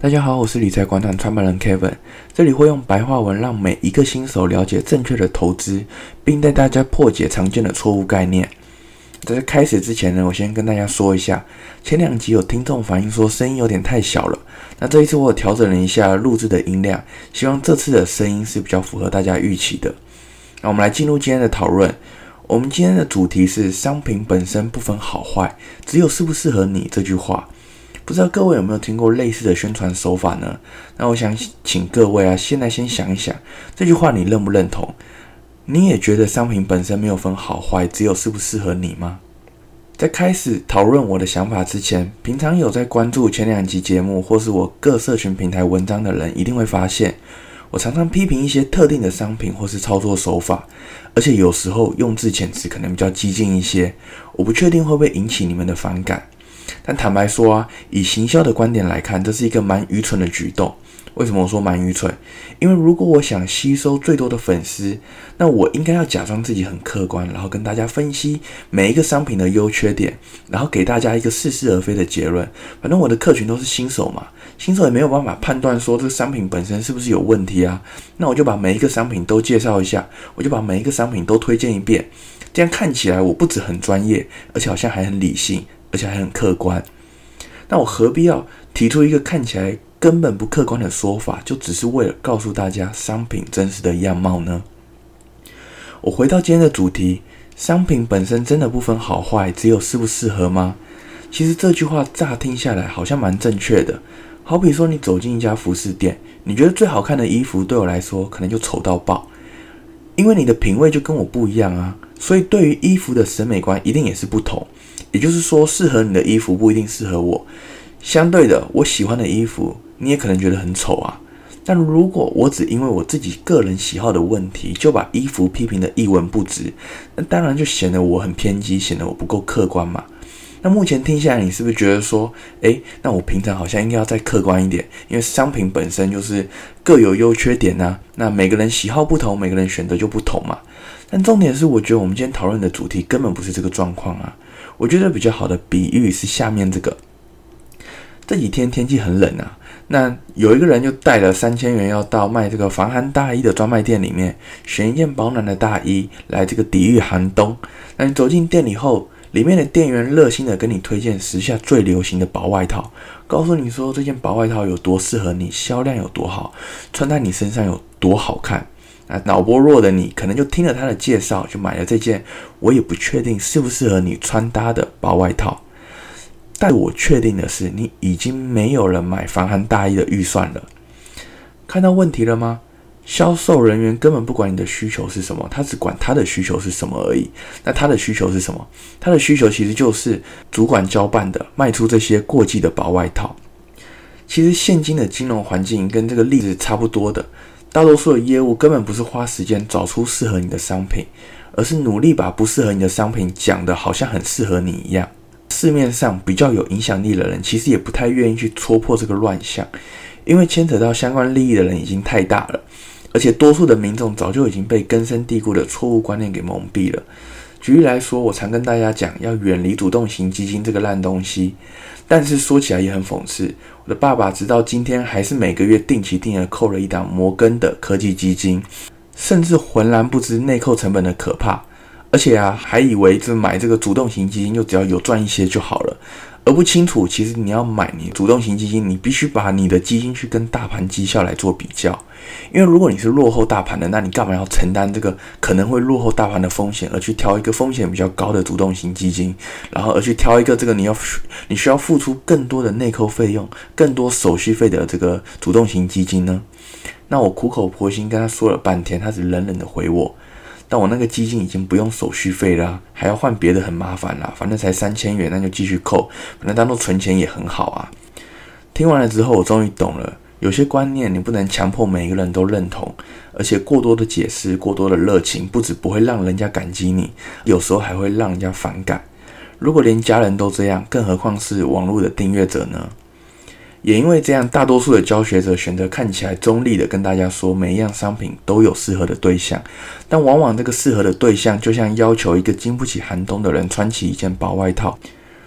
大家好，我是理財廣場創辦人 Kevin，這裡會用白話文讓每一個新手了解正確的投資，並帶大家破解常見的錯誤概念。在這開始之前呢，我先跟大家說一下，前兩集有聽眾反映說聲音有點太小了，那這一次我調整了一下錄製的音量，希望這次的聲音是比較符合大家預期的。那我們來進入今天的討論，我們今天的主題是商品本身不分好壞，只有適不適合你這句話。不知道各位有沒有聽過類似的宣傳手法呢？那我想請各位啊，現在先想一想這句話，你認不認同？你也覺得商品本身沒有分好壞，只有適不適合你嗎？在開始討論我的想法之前，平常有在關注前兩集節目或是我各社群平台文章的人，一定會發現我常常批評一些特定的商品或是操作手法，而且有時候用字遣詞可能比較激進一些。我不確定會不會引起你們的反感。但坦白說啊，以行銷的觀點來看，這是一個蠻愚蠢的舉動。為什麼我說蠻愚蠢？因為如果我想吸收最多的粉絲，那我應該要假裝自己很客觀，然後跟大家分析每一個商品的優缺點，然後給大家一個似是而非的結論。反正我的客群都是新手嘛，新手也沒有辦法判斷說這個商品本身是不是有問題啊。那我就把每一個商品都介紹一下，我就把每一個商品都推薦一遍，這樣看起來我不只很專業，而且好像還很理性。而且還很客觀，那我何必要提出一個看起來根本不客觀的說法，就只是為了告訴大家商品真實的樣貌呢？我回到今天的主題：商品本身真的不分好壞，只有適不適合嗎？其實這句話乍聽下來好像蠻正確的。好比說，你走進一家服飾店，你覺得最好看的衣服，對我來說可能就醜到爆，因為你的品味就跟我不一樣啊。所以，對於衣服的審美觀一定也是不同，也就是說，適合你的衣服不一定適合我。相對的，我喜歡的衣服你也可能覺得很醜啊。但如果我只因為我自己個人喜好的問題就把衣服批評得一文不值，那當然就顯得我很偏激，顯得我不夠客觀嘛。那目前聽下來，你是不是覺得說，誒，那我平常好像應該要再客觀一點，因為商品本身就是各有優缺點吶、啊。那每個人喜好不同，每個人選擇就不同嘛。但重點是，我覺得我們今天討論的主題根本不是這個狀況啊！我覺得比較好的比喻是下面這個：這幾天天氣很冷啊，那有一個人就帶了三千元要到賣這個防寒大衣的專賣店裡面選一件保暖的大衣來這個抵御寒冬。那你走進店裡後，裡面的店員熱心的跟你推薦時下最流行的薄外套，告訴你說這件薄外套有多適合你，銷量有多好，穿在你身上有多好看。啊，腦波弱的你可能就聽了他的介紹，就買了這件我也不確定適不適合你穿搭的薄外套。但我確定的是，你已經沒有人買防寒大衣的預算了。看到問題了嗎？銷售人員根本不管你的需求是什麼，他只管他的需求是什麼而已。那他的需求是什麼？他的需求其實就是主管交辦的，賣出這些過季的薄外套。其實現今的金融環境跟這個例子差不多的。大多數的業務根本不是花時間找出適合你的商品，而是努力把不適合你的商品講得好像很適合你一樣。市面上比較有影響力的人，其實也不太願意去戳破這個亂象，因為牽扯到相關利益的人已經太大了，而且多數的民眾早就已經被根深蒂固的錯誤觀念給蒙蔽了。舉例來說，我常跟大家講要遠離主動型基金這個爛東西，但是說起來也很諷刺，我的爸爸直到今天還是每個月定期定額扣了一檔摩根的科技基金，甚至渾然不知內扣成本的可怕。而且啊，還以為就買這個主動型基金就只要有賺一些就好了，而不清楚其實你要買你主動型基金，你必須把你的基金去跟大盤績效來做比較，因為如果你是落後大盤的，那你幹嘛要承擔這個可能會落後大盤的風險，而去挑一個風險比較高的主動型基金，然後而去挑一個這個你要你需要付出更多的內扣費用、更多手續費的這個主動型基金呢？那我苦口婆心跟他說了半天，他只冷冷的回我。但我那個基金已經不用手續費啦、啊，還要換別的很麻煩啦、啊。反正才三千元，那就繼續扣。反正當做存錢也很好啊。聽完了之後，我終於懂了，有些觀念你不能強迫每一個人都認同，而且過多的解釋、過多的熱情，不止不會讓人家感激你，有時候還會讓人家反感。如果連家人都這樣，更何況是網絡的訂閱者呢？也因為這樣，大多數的教學者選擇看起來中立的跟大家說，每一樣商品都有適合的對象，但往往這個適合的對象就像要求一個經不起寒冬的人穿起一件薄外套。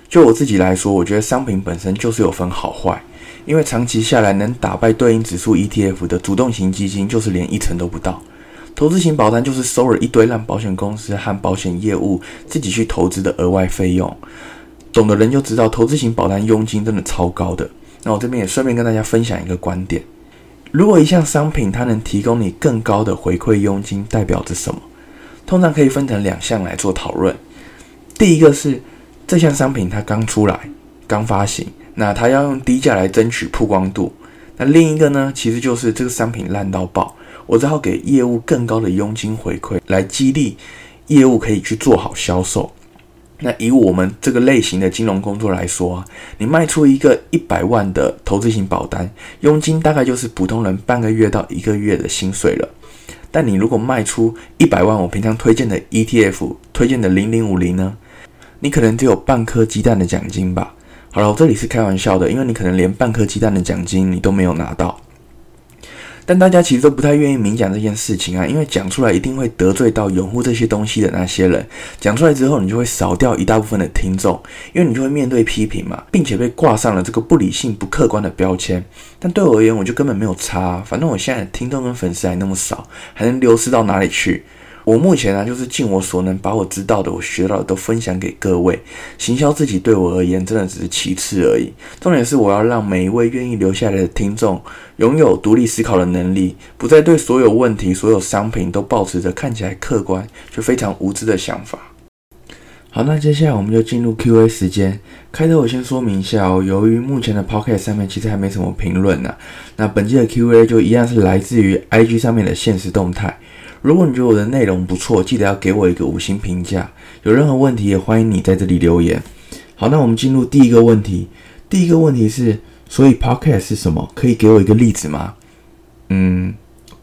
就我自己來說，我覺得商品本身就是有分好壞，因為長期下來能打敗對應指數 ETF 的主動型基金就是連一成都不到。投資型保單就是收了一堆讓保險公司和保險業務自己去投資的額外費用，懂的人就知道，投資型保單佣金真的超高的。那我這邊也順便跟大家分享一個觀點：如果一項商品它能提供你更高的回饋佣金，代表着什麼？通常可以分成兩項來做討論。第一個是這項商品它剛出來、剛發行，那它要用低價來爭取曝光度；那另一個呢，其實就是這個商品爛到爆，我只好給業務更高的佣金回饋，來激勵業務可以去做好銷售。那以我們這個類型的金融工作來說啊，你賣出一個一百萬的投資型保單，佣金大概就是普通人半個月到一個月的薪水了。但你如果賣出一百萬，我平常推薦的 ETF，推薦的零零五零呢，你可能只有半顆雞蛋的獎金吧。好了，我這裡是開玩笑的，因為你可能連半顆雞蛋的獎金你都沒有拿到。但大家其實都不太願意明講這件事情啊，因為講出來一定會得罪到擁護這些東西的那些人。講出來之後，你就會少掉一大部分的聽眾，因為你就會面對批評嘛，並且被掛上了這個不理性、不客觀的標籤。但對我而言，我就根本沒有差啊，反正我現在聽眾跟粉絲還那麼少，還能流失到哪裡去？我目前呢、啊，就是盡我所能，把我知道的、我學到的都分享給各位。行銷自己對我而言，真的只是其次而已。重點是，我要讓每一位願意留下來的聽眾，擁有獨立思考的能力，不再對所有問題、所有商品都抱持着看起來客觀卻非常無知的想法。好，那接下來我們就進入 Q A 時間。開頭我先說明一下哦，由於目前的 Podcast 上面其實還沒什麼評論呢，那本期的 Q A 就一樣是來自於 I G 上面的限時動態。如果你覺得我的內容不錯，記得要給我一個五星評價。有任何問題也歡迎你在這裡留言。好，那我們進入第一個問題。第一個問題是，所以 Podcast 是什麼？可以給我一個例子嗎？嗯，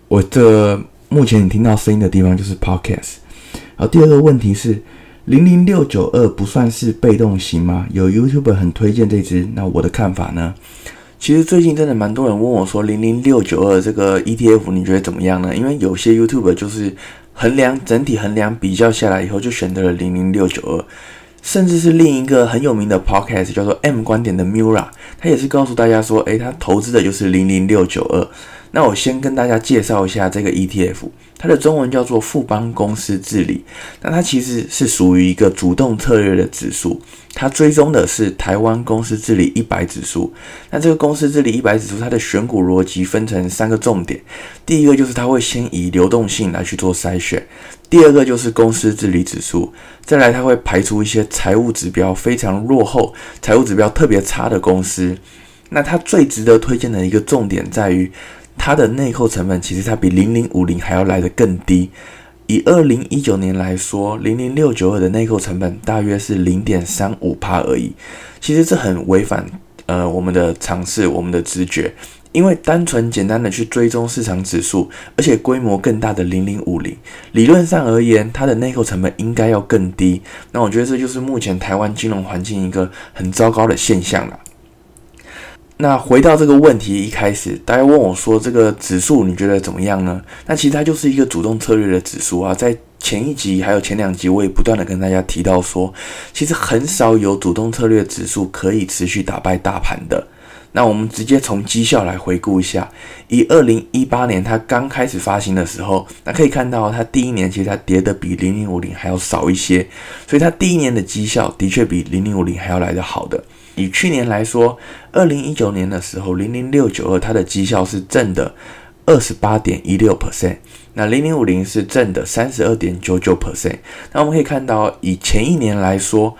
我的目前你聽到聲音的地方就是 Podcast。好，第二個問題是，00692不算是被動型嗎？有 YouTuber 很推薦這支，那我的看法呢？其實最近真的蠻多人問我，說零零六九二這個 ETF 你覺得怎麼樣呢？因為有些 YouTuber 就是衡量整體衡量比較下來以後，就選擇了零零六九二，甚至是另一個很有名的 Podcast 叫做 M 觀點的 Mura，他也是告訴大家說，誒，他投資的就是零零六九二。那我先跟大家介紹一下這個 ETF。它的中文叫做富邦公司治理，那它其實是屬於一個主動策略的指數，它追蹤的是台灣公司治理一百指數。那這個公司治理一百指數，它的選股邏輯分成三個重點：第一個就是它會先以流動性來去做篩選；第二個就是公司治理指數；再來，它會排除一些財務指標非常落後、財務指標特別差的公司。那它最值得推薦的一個重點在於。它的內扣成本其實它比零零五零還要來得更低。以二零一九年來說，零零六九二的內扣成本大約是零點三五趴而已。其實這很違反呃，我們的常識，我們的直覺，因為單純簡單的去追蹤市場指數，而且規模更大的零零五零，理論上而言，它的內扣成本應該要更低。那我覺得這就是目前台灣金融環境一個很糟糕的現象了。那回到這個問題，一開始大家問我說：“這個指數你覺得怎麼樣呢？”那其實它就是一個主動策略的指數啊。在前一集還有前兩集，我也不斷地跟大家提到說，其實很少有主動策略指數可以持續打敗大盤的。那我們直接從績效來回顧一下，以二零一八年它剛開始發行的時候，那可以看到它第一年其實它跌得比零零五零還要少一些，所以它第一年的績效的確比零零五零還要來得好的。以去年來說，二零一九年的時候，零零六九二它的績效是正的二十八點一六 percent，那零零五零是正的三十二點九九 percent。那我們可以看到，以前一年來說，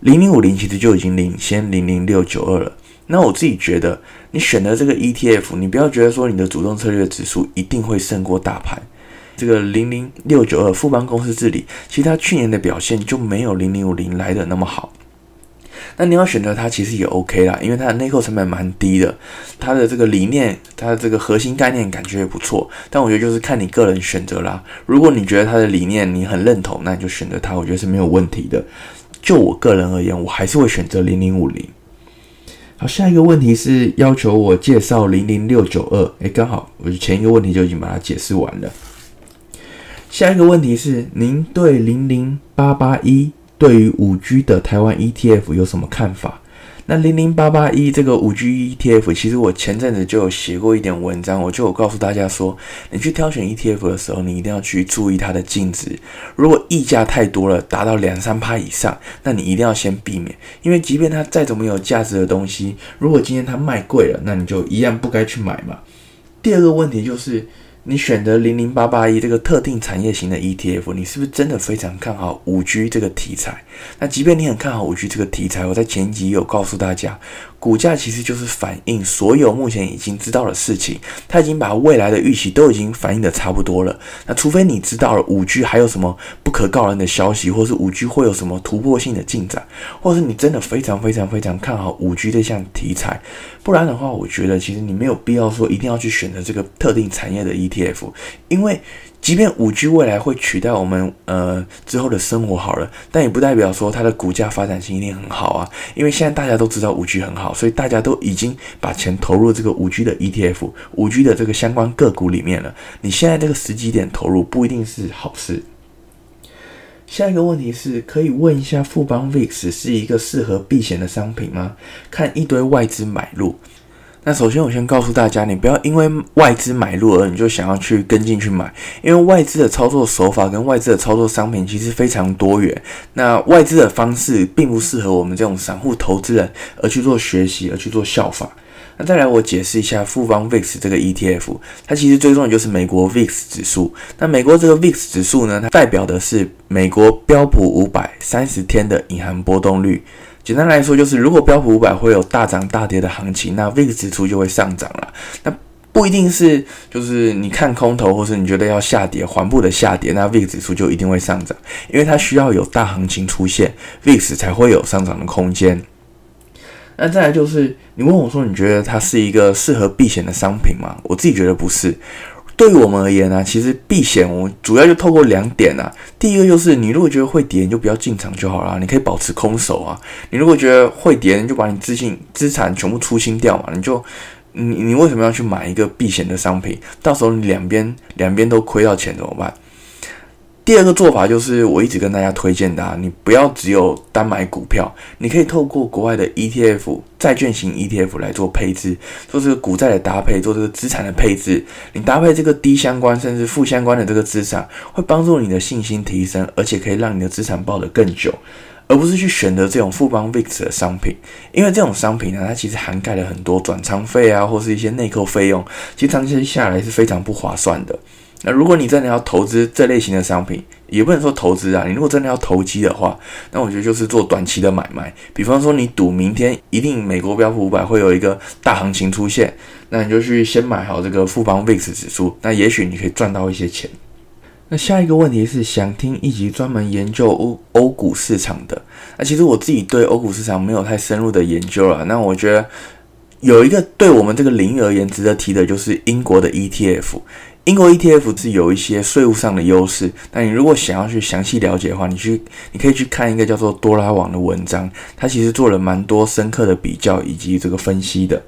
零零五零其實就已經領先零零六九二了。那我自己覺得，你選的這個 ETF，你不要覺得說你的主動策略指數一定會勝過大盤。這個零零六九二富邦公司治理，其實它去年的表現就沒有零零五零來得那麼好。那你要選擇它其實也 OK 啦，因為它的內扣成本蠻低的，它的這個理念、它的這個核心概念感覺也不錯。但我覺得就是看你個人選擇啦。如果你覺得它的理念你很認同，那你就選擇它，我覺得是沒有問題的。就我個人而言，我還是會選擇零零五零。好，下一個問題是要求我介紹零零六九二，誒、欸，剛好我前一個問題就已經把它解釋完了。下一個問題是您對零零八八一？對於五 G 的台灣 ETF 有什麼看法？那零零八八一這個五 G ETF，其實我前陣子就有寫過一點文章，我就有告訴大家說，你去挑選 ETF 的時候，你一定要去注意它的淨值。如果溢價太多了，達到兩三趴以上，那你一定要先避免。因為即便它再怎麼有價值的東西，如果今天它賣貴了，那你就一樣不該去買嘛。第二個問題就是，你選擇零零八八一這個特定產業型的 ETF，你是不是真的非常看好五 G 這個題材？那即便你很看好五 G 這個題材，我在前集有告訴大家，股價其實就是反映所有目前已經知道的事情，它已經把未來的預期都已經反映的差不多了。那除非你知道了五 G 還有什麼不可告人的消息，或是五 G 會有什麼突破性的進展，或是你真的非常非常非常看好五 G 這項題材，不然的話，我覺得其實你沒有必要說一定要去選擇這個特定產業的 ETF。因為即便五 G 未來會取代我們呃之後的生活好了，但也不代表說它的股價發展性一定很好啊。因為現在大家都知道五 G 很好，所以大家都已經把錢投入這個五 G 的 ETF、五 G 的這個相關個股裡面了。你現在這個時機點投入不一定是好事。下一個問題是，可以問一下富邦 VIX 是一個適合避險的商品嗎？看一堆外資買入。那首先，我先告訴大家，你不要因為外資買入而你就想要去跟進去買，因為外資的操作手法跟外資的操作商品其實非常多元。那外資的方式並不適合我們這種散戶投資人而去做學習而去做效法。那再來，我解釋一下富邦 VIX 這個 ETF，它其實最重要的就是美國 VIX 指數。那美國這個 VIX 指數呢，它代表的是美國標普五百三十天的隱含波動率。簡單來說，就是如果標普五百會有大漲大跌的行情，那 VIX 指數就會上漲了。那不一定是就是你看空頭，或是你覺得要下跌，緩步的下跌，那 VIX 指數就一定會上漲，因為它需要有大行情出現，VIX 才會有上漲的空間。那再來就是，你問我說，你覺得它是一個適合避險的商品嗎？我自己覺得不是。對於我們而言呢、啊，其實避險，我們主要就透過兩點啊。第一個就是，你如果覺得會跌，就不要進場就好了、啊，你可以保持空手啊。你如果覺得會跌，就把你資金資產全部出清掉嘛。你就，你你為什麼要去買一個避險的商品？到時候你兩邊兩邊都虧到錢怎麼辦？第二個做法就是我一直跟大家推薦的啊，你不要只有單買股票，你可以透過國外的 ETF、債券型 ETF 來做配置，做這個股債的搭配，做這個資產的配置。你搭配這個低相關甚至負相關的這個資產，會幫助你的信心提升，而且可以讓你的資產抱得更久，而不是去選擇這種富邦 VIX 的商品，因為這種商品呢、啊，它其實涵蓋了很多轉倉費啊，或是一些內扣費用，其實長期下來是非常不划算的。那如果你真的要投資這類型的商品，也不能說投資啊。你如果真的要投機的話，那我覺得就是做短期的買賣。比方說，你賭明天一定美國標普五百會有一個大行情出現，那你就去先買好這個富邦 VIX 指數，那也許你可以賺到一些錢。那下一個問題是，想聽一集專門研究歐歐股市場的。那其實我自己對歐股市場沒有太深入的研究了。那我覺得有一個對我們這個領域而言值得提的，就是英國的 ETF。英國 ETF 是有一些稅務上的優勢，但你如果想要去詳細了解的話，你去你可以去看一個叫做多拉網的文章，它其實做了蠻多深刻的比較以及這個分析的。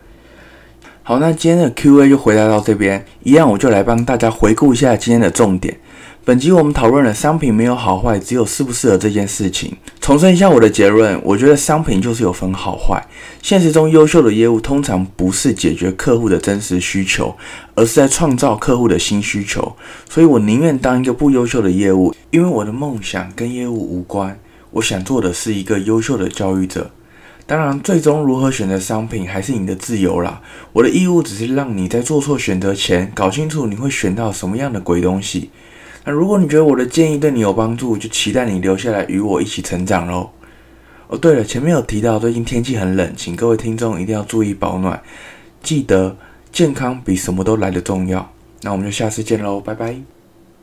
好，那今天的 Q&A 就回答到這邊，一樣我就來幫大家回顧一下今天的重點。本集我們討論了商品沒有好壞，只有適不適合這件事情。重申一下我的結論，我覺得商品就是有分好壞。現實中，優秀的業務通常不是解決客戶的真實需求，而是在創造客戶的新需求。所以我寧願當一個不優秀的業務，因為我的夢想跟業務無關。我想做的是一個優秀的教育者。當然，最終如何選擇商品還是你的自由啦。我的義務只是讓你在做錯選擇前，搞清楚你會選到什麼樣的鬼東西。那如果你覺得我的建議對你有幫助，就期待你留下來與我一起成長嘍。哦，對了，前面有提到最近天氣很冷，請各位聽眾一定要注意保暖，記得健康比什麼都來得重要。那我們就下次見嘍，拜拜。